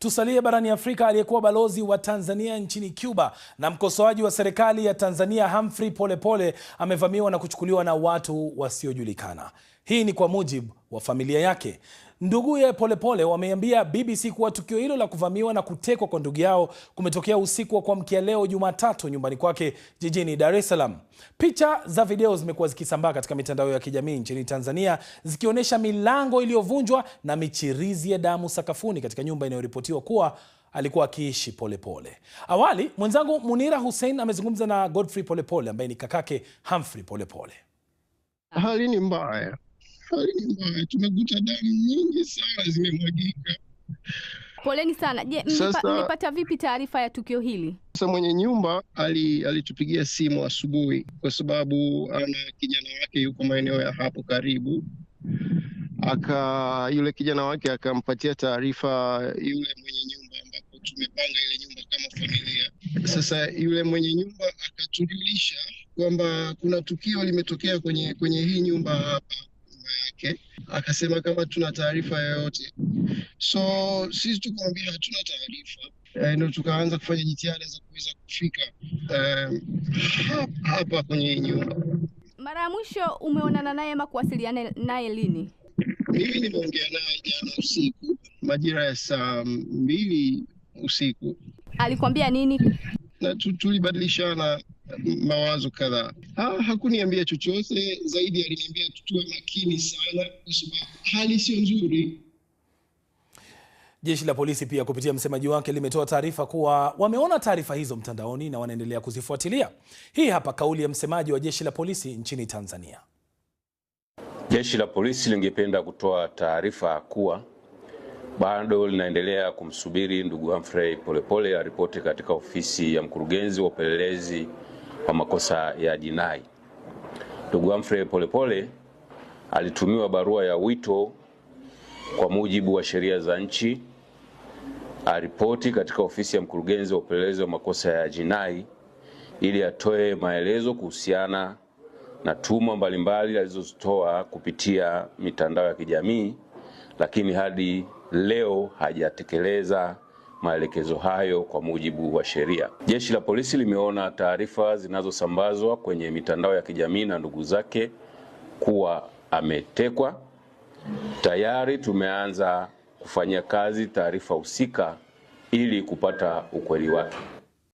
Tusalie barani Afrika. Aliyekuwa balozi wa Tanzania nchini Cuba na mkosoaji wa serikali ya Tanzania Humphrey Polepole amevamiwa na kuchukuliwa na watu wasiojulikana. Hii ni kwa mujibu wa familia yake. Nduguye Polepole wameambia BBC kuwa tukio hilo la kuvamiwa na kutekwa kwa ndugu yao kumetokea usiku wa kuamkia leo Jumatatu nyumbani kwake jijini Dar es Salaam. Picha za video zimekuwa zikisambaa katika mitandao ya kijamii nchini Tanzania zikionyesha milango iliyovunjwa na michirizi ya damu sakafuni katika nyumba inayoripotiwa kuwa alikuwa akiishi Polepole. Awali mwenzangu Munira Hussein amezungumza na Godfrey Polepole ambaye ni kakake Humphrey Polepole. Hali ni mbaya Kweli tumekuta damu nyingi sana zimemwagika. Poleni sana. Je, mlipata vipi taarifa ya tukio hili? Sasa mwenye nyumba ali, alitupigia simu asubuhi, kwa sababu ana kijana wake yuko maeneo ya hapo karibu aka yule kijana wake akampatia taarifa yule mwenye nyumba, ambapo tumepanga ile nyumba kama familia. Sasa yule mwenye nyumba akatujulisha kwamba kuna tukio limetokea kwenye kwenye hii nyumba hapa yake, akasema kama tuna taarifa yoyote. So sisi tukawambia hatuna taarifa eh, ndo tukaanza kufanya jitihada za kuweza kufika eh, hapa kwenye nyumba. Mara ya mwisho umeonana naye ama kuwasiliana naye lini? Mimi nimeongea naye jana usiku majira ya saa mbili usiku. Alikuambia nini? Na tulibadilishana mawazo kadhaa. Ha, hakuniambia chochote zaidi, aliniambia tutuwe makini sana, kwa sababu hali sio nzuri. Jeshi la polisi pia kupitia msemaji wake limetoa taarifa kuwa wameona taarifa hizo mtandaoni na wanaendelea kuzifuatilia. Hii hapa kauli ya msemaji wa jeshi la polisi nchini Tanzania. Jeshi la polisi lingependa kutoa taarifa kuwa bado linaendelea kumsubiri ndugu Humphrey Polepole aripoti katika ofisi ya mkurugenzi wa upelelezi kwa makosa ya jinai. Ndugu Humphrey Polepole alitumiwa barua ya wito kwa mujibu wa sheria za nchi aripoti katika ofisi ya mkurugenzi wa upelelezi wa makosa ya jinai ili atoe maelezo kuhusiana na tuma mbalimbali alizozitoa kupitia mitandao ya kijamii, lakini hadi leo hajatekeleza maelekezo hayo kwa mujibu wa sheria. Jeshi la polisi limeona taarifa zinazosambazwa kwenye mitandao ya kijamii na ndugu zake kuwa ametekwa. Tayari tumeanza kufanyia kazi taarifa husika ili kupata ukweli wake.